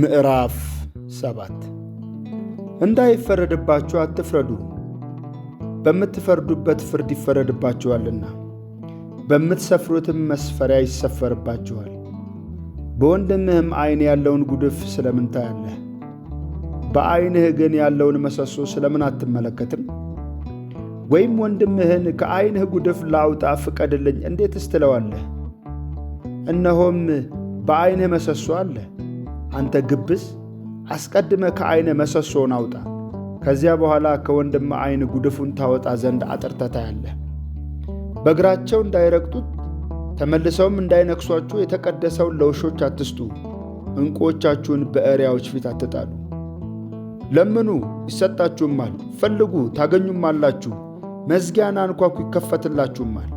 ምዕራፍ ሰባት እንዳይፈረድባችሁ አትፍረዱ፣ በምትፈርዱበት ፍርድ ይፈረድባችኋልና በምትሰፍሩትም መስፈሪያ ይሰፈርባችኋል። በወንድምህም ዐይን ያለውን ጉድፍ ስለምን ታያለህ? በዐይንህ ግን ያለውን መሰሶ ስለምን አትመለከትም? ወይም ወንድምህን ከዐይንህ ጉድፍ ላውጣ ፍቀድልኝ እንዴትስ ትለዋለህ? እነሆም በዐይንህ መሰሶ አለ አንተ ግብዝ፣ አስቀድመ ከዓይነ መሰሶን አውጣ፣ ከዚያ በኋላ ከወንድም ዓይን ጉድፉን ታወጣ ዘንድ አጥርተታ ያለ። በእግራቸው እንዳይረግጡት ተመልሰውም እንዳይነክሷችሁ የተቀደሰውን ለውሾች አትስጡ፣ ዕንቁዎቻችሁን በእሪያዎች ፊት አትጣሉ። ለምኑ ይሰጣችሁማል፣ ፈልጉ ታገኙማላችሁ፣ መዝጊያን አንኳኩ ይከፈትላችሁማል።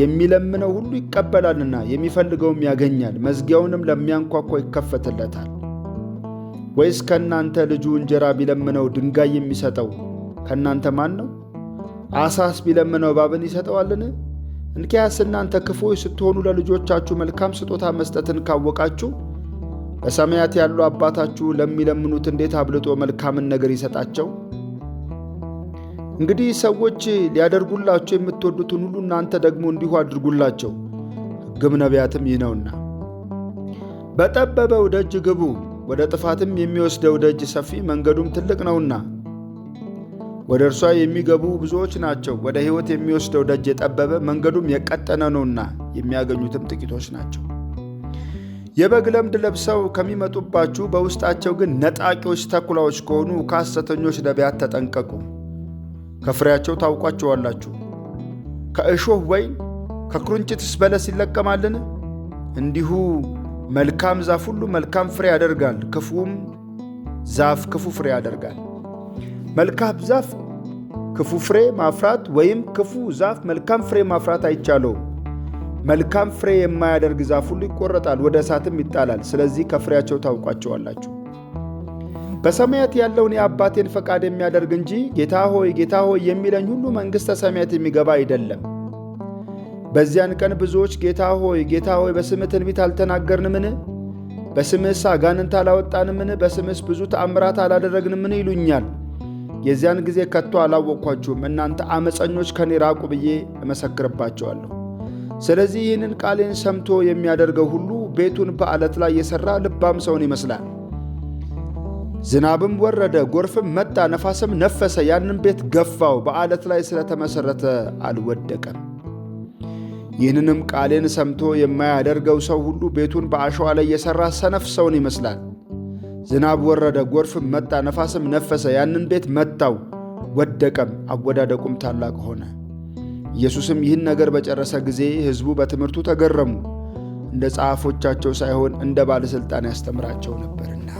የሚለምነው ሁሉ ይቀበላልና የሚፈልገውም ያገኛል፣ መዝጊያውንም ለሚያንኳኳ ይከፈትለታል። ወይስ ከእናንተ ልጁ እንጀራ ቢለምነው ድንጋይ የሚሰጠው ከእናንተ ማን ነው? አሳስ ቢለምነው እባብን ይሰጠዋልን? እንኪያስ እናንተ ክፉዎች ስትሆኑ ለልጆቻችሁ መልካም ስጦታ መስጠትን ካወቃችሁ በሰማያት ያሉ አባታችሁ ለሚለምኑት እንዴት አብልጦ መልካምን ነገር ይሰጣቸው እንግዲህ ሰዎች ሊያደርጉላቸው የምትወዱትን ሁሉ እናንተ ደግሞ እንዲሁ አድርጉላቸው፣ ሕግም ነቢያትም ይህ ነውና። በጠበበው ደጅ ግቡ፣ ወደ ጥፋትም የሚወስደው ደጅ ሰፊ መንገዱም ትልቅ ነውና፣ ወደ እርሷ የሚገቡ ብዙዎች ናቸው። ወደ ሕይወት የሚወስደው ደጅ የጠበበ መንገዱም የቀጠነ ነውና፣ የሚያገኙትም ጥቂቶች ናቸው። የበግ ለምድ ለብሰው ከሚመጡባችሁ በውስጣቸው ግን ነጣቂዎች ተኩላዎች ከሆኑ ከሐሰተኞች ነቢያት ተጠንቀቁም። ከፍሬያቸው ታውቋቸዋላችሁ። ከእሾህ ወይን ከኩርንችትስ በለስ ይለቀማልን? እንዲሁ መልካም ዛፍ ሁሉ መልካም ፍሬ ያደርጋል፣ ክፉም ዛፍ ክፉ ፍሬ ያደርጋል። መልካም ዛፍ ክፉ ፍሬ ማፍራት ወይም ክፉ ዛፍ መልካም ፍሬ ማፍራት አይቻለውም። መልካም ፍሬ የማያደርግ ዛፍ ሁሉ ይቆረጣል፣ ወደ እሳትም ይጣላል። ስለዚህ ከፍሬያቸው ታውቋቸዋላችሁ። በሰማያት ያለውን የአባቴን ፈቃድ የሚያደርግ እንጂ ጌታ ሆይ ጌታ ሆይ የሚለኝ ሁሉ መንግሥተ ሰማያት የሚገባ አይደለም። በዚያን ቀን ብዙዎች ጌታ ሆይ ጌታ ሆይ በስምህ ትንቢት አልተናገርንምን? በስምህስ አጋንንት አላወጣንምን? በስምህስ ብዙ ተአምራት አላደረግንምን? ይሉኛል። የዚያን ጊዜ ከቶ አላወቅኳችሁም፣ እናንተ ዓመፀኞች ከኔ ራቁ ብዬ እመሰክርባቸዋለሁ። ስለዚህ ይህንን ቃሌን ሰምቶ የሚያደርገው ሁሉ ቤቱን በዓለት ላይ የሠራ ልባም ሰውን ይመስላል። ዝናብም ወረደ፣ ጎርፍም መጣ፣ ነፋስም ነፈሰ፣ ያንም ቤት ገፋው፣ በዓለት ላይ ስለተመሠረተ አልወደቀም። ይህንንም ቃሌን ሰምቶ የማያደርገው ሰው ሁሉ ቤቱን በአሸዋ ላይ የሠራ ሰነፍ ሰውን ይመስላል። ዝናብ ወረደ፣ ጎርፍም መጣ፣ ነፋስም ነፈሰ፣ ያንን ቤት መታው፣ ወደቀም፣ አወዳደቁም ታላቅ ሆነ። ኢየሱስም ይህን ነገር በጨረሰ ጊዜ ሕዝቡ በትምህርቱ ተገረሙ፣ እንደ ጸሐፎቻቸው ሳይሆን እንደ ባለሥልጣን ያስተምራቸው ነበርና።